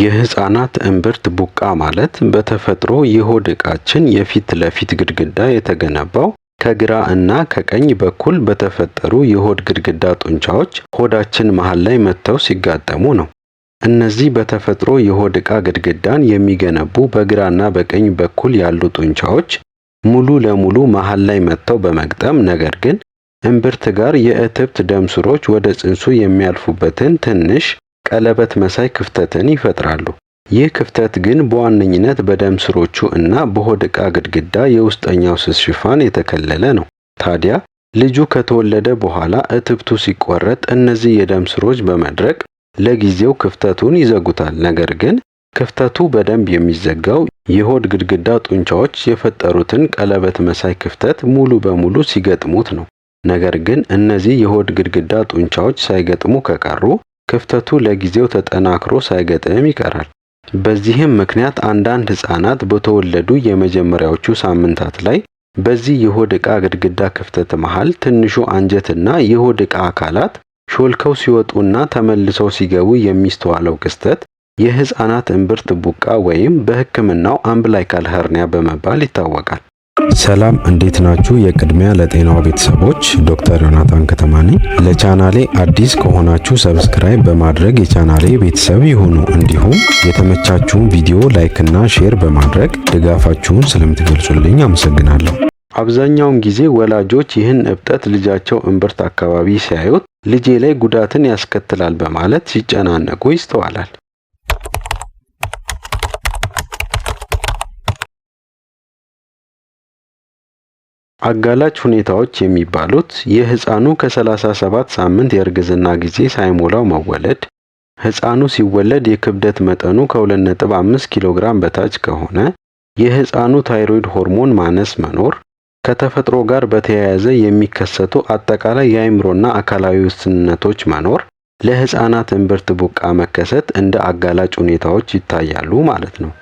የህፃናት እምብርት ቡቃ ማለት በተፈጥሮ የሆድ ዕቃችን የፊት ለፊት ግድግዳ የተገነባው ከግራ እና ከቀኝ በኩል በተፈጠሩ የሆድ ግድግዳ ጡንቻዎች ሆዳችን መሃል ላይ መጥተው ሲጋጠሙ ነው። እነዚህ በተፈጥሮ የሆድ ዕቃ ግድግዳን የሚገነቡ በግራና በቀኝ በኩል ያሉ ጡንቻዎች ሙሉ ለሙሉ መሃል ላይ መጥተው በመግጠም ነገር ግን እምብርት ጋር የእትብት ደም ስሮች ወደ ጽንሱ የሚያልፉበትን ትንሽ ቀለበት መሳይ ክፍተትን ይፈጥራሉ። ይህ ክፍተት ግን በዋነኝነት በደም ስሮቹ እና በሆድ ዕቃ ግድግዳ የውስጠኛው ስስ ሽፋን የተከለለ ነው። ታዲያ ልጁ ከተወለደ በኋላ እትብቱ ሲቆረጥ እነዚህ የደም ስሮች በመድረቅ ለጊዜው ክፍተቱን ይዘጉታል። ነገር ግን ክፍተቱ በደንብ የሚዘጋው የሆድ ግድግዳ ጡንቻዎች የፈጠሩትን ቀለበት መሳይ ክፍተት ሙሉ በሙሉ ሲገጥሙት ነው። ነገር ግን እነዚህ የሆድ ግድግዳ ጡንቻዎች ሳይገጥሙ ከቀሩ ክፍተቱ ለጊዜው ተጠናክሮ ሳይገጥም ይቀራል። በዚህም ምክንያት አንዳንድ ሕፃናት በተወለዱ የመጀመሪያዎቹ ሳምንታት ላይ በዚህ የሆድ ዕቃ ግድግዳ ክፍተት መሃል ትንሹ አንጀትና የሆድ ዕቃ አካላት ሾልከው ሲወጡና ተመልሰው ሲገቡ የሚስተዋለው ክስተት የሕፃናት እምብርት ቡቃ ወይም በሕክምናው አምብላይካል ሀርኒያ በመባል ይታወቃል። ሰላም እንዴት ናችሁ? የቅድሚያ ለጤናው ቤተሰቦች ዶክተር ዮናታን ከተማ ነኝ። ለቻናሌ አዲስ ከሆናችሁ ሰብስክራይብ በማድረግ የቻናሌ ቤተሰብ ይሁኑ። እንዲሁም የተመቻችሁን ቪዲዮ ላይክና ሼር በማድረግ ድጋፋችሁን ስለምትገልጹልኝ አመሰግናለሁ። አብዛኛውን ጊዜ ወላጆች ይህን እብጠት ልጃቸው እምብርት አካባቢ ሲያዩት ልጄ ላይ ጉዳትን ያስከትላል በማለት ሲጨናነቁ ይስተዋላል። አጋላጭ ሁኔታዎች የሚባሉት የህፃኑ ከ37 ሳምንት የእርግዝና ጊዜ ሳይሞላው መወለድ፣ ህፃኑ ሲወለድ የክብደት መጠኑ ከ2.5 ኪሎ ግራም በታች ከሆነ፣ የህፃኑ ታይሮይድ ሆርሞን ማነስ መኖር፣ ከተፈጥሮ ጋር በተያያዘ የሚከሰቱ አጠቃላይ የአእምሮና አካላዊ ውስንነቶች መኖር ለህፃናት እምብርት ቡቃ መከሰት እንደ አጋላጭ ሁኔታዎች ይታያሉ ማለት ነው።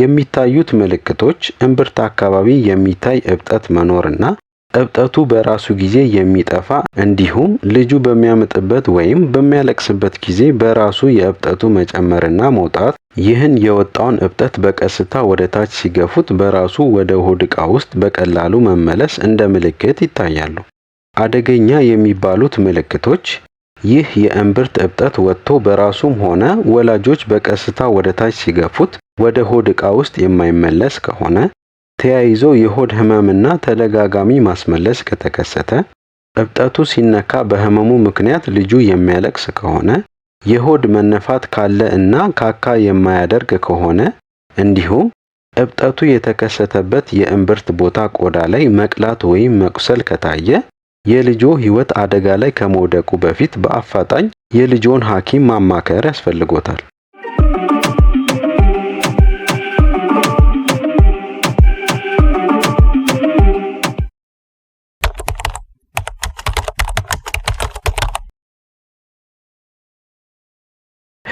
የሚታዩት ምልክቶች እምብርት አካባቢ የሚታይ እብጠት መኖርና እብጠቱ በራሱ ጊዜ የሚጠፋ እንዲሁም ልጁ በሚያምጥበት ወይም በሚያለቅስበት ጊዜ በራሱ የእብጠቱ መጨመርና መውጣት ይህን የወጣውን እብጠት በቀስታ ወደ ታች ሲገፉት በራሱ ወደ ሆድ ዕቃ ውስጥ በቀላሉ መመለስ እንደ ምልክት ይታያሉ። አደገኛ የሚባሉት ምልክቶች ይህ የእምብርት እብጠት ወጥቶ በራሱም ሆነ ወላጆች በቀስታ ወደ ታች ሲገፉት ወደ ሆድ ዕቃ ውስጥ የማይመለስ ከሆነ ተያይዞ የሆድ ህመምና ተደጋጋሚ ማስመለስ ከተከሰተ፣ እብጠቱ ሲነካ በህመሙ ምክንያት ልጁ የሚያለቅስ ከሆነ፣ የሆድ መነፋት ካለ እና ካካ የማያደርግ ከሆነ እንዲሁም እብጠቱ የተከሰተበት የእምብርት ቦታ ቆዳ ላይ መቅላት ወይም መቁሰል ከታየ የልጆ ህይወት አደጋ ላይ ከመውደቁ በፊት በአፋጣኝ የልጆን ሐኪም ማማከር ያስፈልጎታል።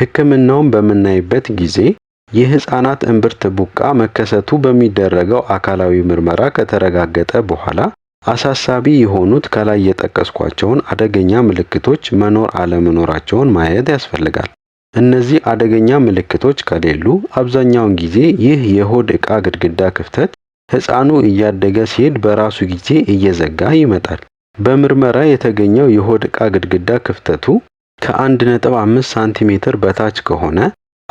ህክምናውን በምናይበት ጊዜ የህፃናት እምብርት ቡቃ መከሰቱ በሚደረገው አካላዊ ምርመራ ከተረጋገጠ በኋላ አሳሳቢ የሆኑት ከላይ የጠቀስኳቸውን አደገኛ ምልክቶች መኖር አለመኖራቸውን ማየት ያስፈልጋል። እነዚህ አደገኛ ምልክቶች ከሌሉ አብዛኛውን ጊዜ ይህ የሆድ ዕቃ ግድግዳ ክፍተት ሕፃኑ እያደገ ሲሄድ በራሱ ጊዜ እየዘጋ ይመጣል። በምርመራ የተገኘው የሆድ ዕቃ ግድግዳ ክፍተቱ ከ1.5 ሳንቲሜትር በታች ከሆነ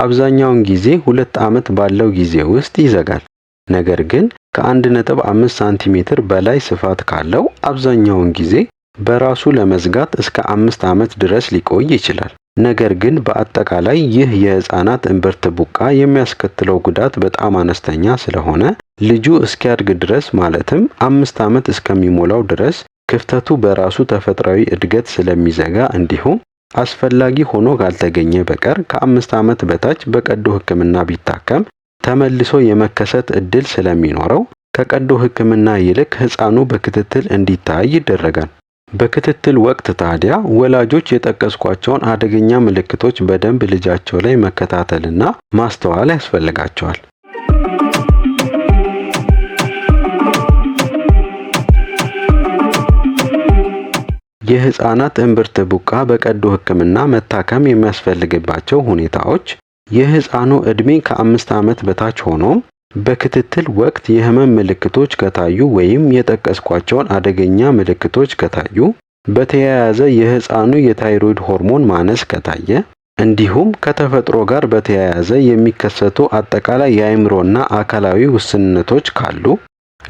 አብዛኛውን ጊዜ ሁለት ዓመት ባለው ጊዜ ውስጥ ይዘጋል። ነገር ግን ከአንድ ነጥብ አምስት ሳንቲሜትር በላይ ስፋት ካለው አብዛኛውን ጊዜ በራሱ ለመዝጋት እስከ አምስት ዓመት ድረስ ሊቆይ ይችላል። ነገር ግን በአጠቃላይ ይህ የህፃናት እምብርት ቡቃ የሚያስከትለው ጉዳት በጣም አነስተኛ ስለሆነ ልጁ እስኪያድግ ድረስ ማለትም አምስት ዓመት እስከሚሞላው ድረስ ክፍተቱ በራሱ ተፈጥሯዊ እድገት ስለሚዘጋ እንዲሁም አስፈላጊ ሆኖ ካልተገኘ በቀር ከአምስት ዓመት በታች በቀዶ ሕክምና ቢታከም ተመልሶ የመከሰት እድል ስለሚኖረው ከቀዶ ሕክምና ይልቅ ሕፃኑ በክትትል እንዲታይ ይደረጋል። በክትትል ወቅት ታዲያ ወላጆች የጠቀስኳቸውን አደገኛ ምልክቶች በደንብ ልጃቸው ላይ መከታተልና ማስተዋል ያስፈልጋቸዋል። የህፃናት እምብርት ቡቃ በቀዶ ህክምና መታከም የሚያስፈልግባቸው ሁኔታዎች የህፃኑ ዕድሜ ከአምስት ዓመት በታች ሆኖ በክትትል ወቅት የህመም ምልክቶች ከታዩ ወይም የጠቀስኳቸውን አደገኛ ምልክቶች ከታዩ፣ በተያያዘ የህፃኑ የታይሮይድ ሆርሞን ማነስ ከታየ፣ እንዲሁም ከተፈጥሮ ጋር በተያያዘ የሚከሰቱ አጠቃላይ የአእምሮና አካላዊ ውስንነቶች ካሉ፣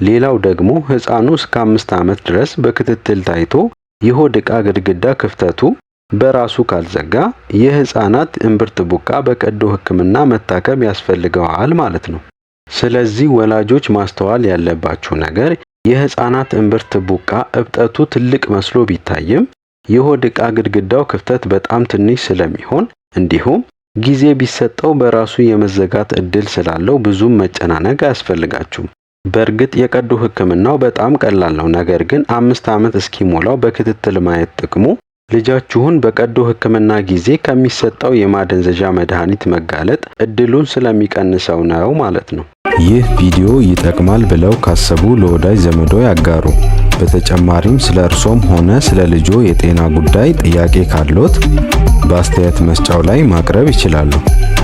ሌላው ደግሞ ህፃኑ እስከ አምስት ዓመት ድረስ በክትትል ታይቶ የሆድ ዕቃ ግድግዳ ክፍተቱ በራሱ ካልዘጋ የህፃናት እምብርት ቡቃ በቀዶ ህክምና መታከም ያስፈልገዋል ማለት ነው። ስለዚህ ወላጆች ማስተዋል ያለባችሁ ነገር የህፃናት እምብርት ቡቃ እብጠቱ ትልቅ መስሎ ቢታይም የሆድ ዕቃ ግድግዳው ክፍተት በጣም ትንሽ ስለሚሆን እንዲሁም ጊዜ ቢሰጠው በራሱ የመዘጋት እድል ስላለው ብዙም መጨናነቅ አያስፈልጋችሁም። በእርግጥ የቀዶ ህክምናው በጣም ቀላል ነው። ነገር ግን አምስት ዓመት እስኪሞላው በክትትል ማየት ጥቅሙ ልጃችሁን በቀዶ ሕክምና ጊዜ ከሚሰጠው የማደንዘዣ መድኃኒት መጋለጥ እድሉን ስለሚቀንሰው ነው ማለት ነው። ይህ ቪዲዮ ይጠቅማል ብለው ካሰቡ ለወዳጅ ዘመዶ ያጋሩ። በተጨማሪም ስለ እርሶም ሆነ ስለ ልጆ የጤና ጉዳይ ጥያቄ ካሎት በአስተያየት መስጫው ላይ ማቅረብ ይችላሉ።